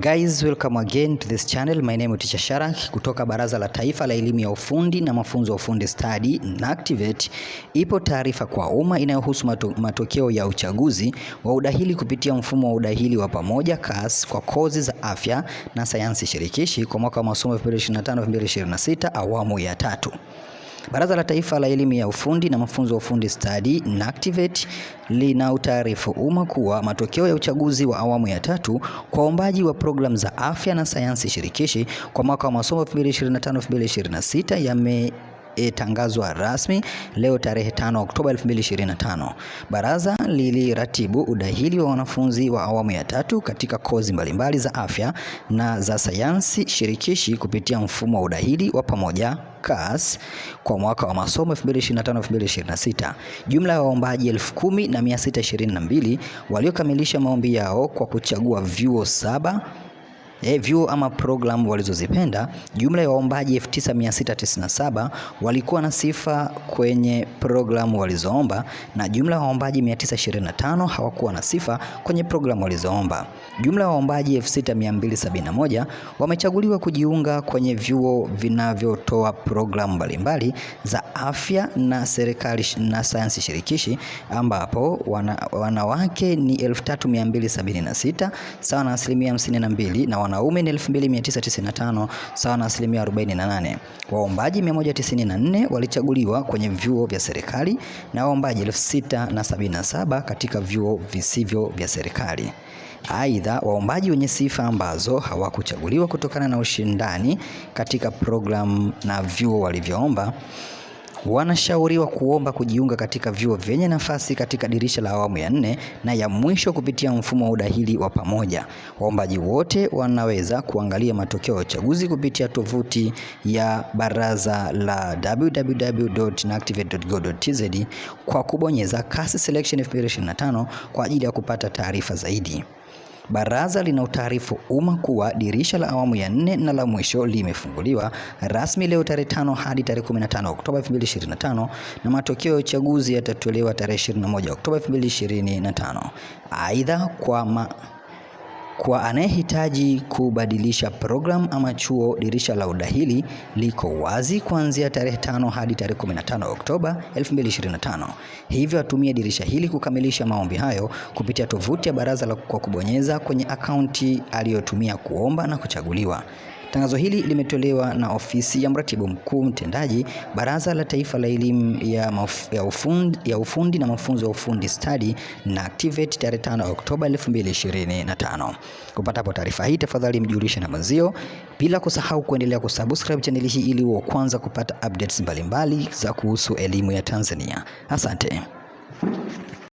Guys, welcome again to this channel. My name is Teacher Sharak kutoka Baraza la Taifa la Elimu ya Ufundi na Mafunzo ya Ufundi Stadi na Activate. Ipo taarifa kwa umma inayohusu matokeo ya uchaguzi wa udahili kupitia mfumo wa udahili wa pamoja CAS kwa kozi za afya na sayansi shirikishi kwa mwaka wa masomo 2025-2026 awamu ya tatu. Baraza la Taifa la Elimu ya Ufundi na Mafunzo ya Ufundi Stadi na Activate lina utaarifu umma kuwa matokeo ya uchaguzi wa awamu ya tatu kwa ombaji wa programu za afya na sayansi shirikishi kwa mwaka wa masomo 2025-2026 yame tangazwa rasmi leo tarehe 5 Oktoba 2025. Baraza liliratibu udahili wa wanafunzi wa awamu ya tatu katika kozi mbalimbali za afya na za sayansi shirikishi kupitia mfumo wa udahili wa pamoja Focus kwa mwaka wa masomo 2025-2026. Jumla ya waombaji 10,622 waliokamilisha maombi yao kwa kuchagua vyuo saba eh, vyuo ama program walizozipenda. Jumla ya waombaji 9697 walikuwa na sifa kwenye program walizoomba, na jumla ya waombaji 925 hawakuwa na sifa kwenye program walizoomba. Jumla ya waombaji 6271 wamechaguliwa kujiunga kwenye vyuo vinavyotoa program mbalimbali za afya na serikali na sayansi shirikishi ambapo wana, wanawake ni 3276 sawa na asilimia 52 na wanaume ni 2995 sawa na asilimia 48. Waombaji 194 walichaguliwa kwenye vyuo vya serikali na waombaji 6077 katika vyuo visivyo vya serikali. Aidha, waombaji wenye sifa ambazo hawakuchaguliwa kutokana na ushindani katika programu na vyuo walivyoomba wanashauriwa kuomba kujiunga katika vyuo vyenye nafasi katika dirisha la awamu ya nne na ya mwisho kupitia mfumo wa udahili wa pamoja. Waombaji wote wanaweza kuangalia matokeo ya uchaguzi kupitia tovuti ya baraza la www.nactivate.go.tz kwa kubonyeza CAS Selection 2025 kwa ajili ya kupata taarifa zaidi. Baraza lina utaarifu umma kuwa dirisha la awamu ya nne na la mwisho limefunguliwa rasmi leo tarehe tano hadi tarehe 15 Oktoba 2025 na matokeo ya uchaguzi yatatolewa tarehe 21 Oktoba 2025. Aidha kwa ma kwa anayehitaji kubadilisha program ama chuo, dirisha la udahili liko wazi kuanzia tarehe tano hadi tarehe 15 Oktoba 2025. Hivyo atumie dirisha hili kukamilisha maombi hayo kupitia tovuti ya baraza la kwa kubonyeza kwenye akaunti aliyotumia kuomba na kuchaguliwa. Tangazo hili limetolewa na ofisi ya mratibu mkuu mtendaji, Baraza la Taifa la Elimu ya, ya, ufundi, ya ufundi na mafunzo ya ufundi stadi na Activate tarehe 5 Oktoba 2025. Kupata hapo taarifa hii, tafadhali mjulishe na mwenzio, bila kusahau kuendelea kusubscribe chaneli hii ili uwe kwanza kupata updates mbalimbali mbali za kuhusu elimu ya Tanzania. Asante.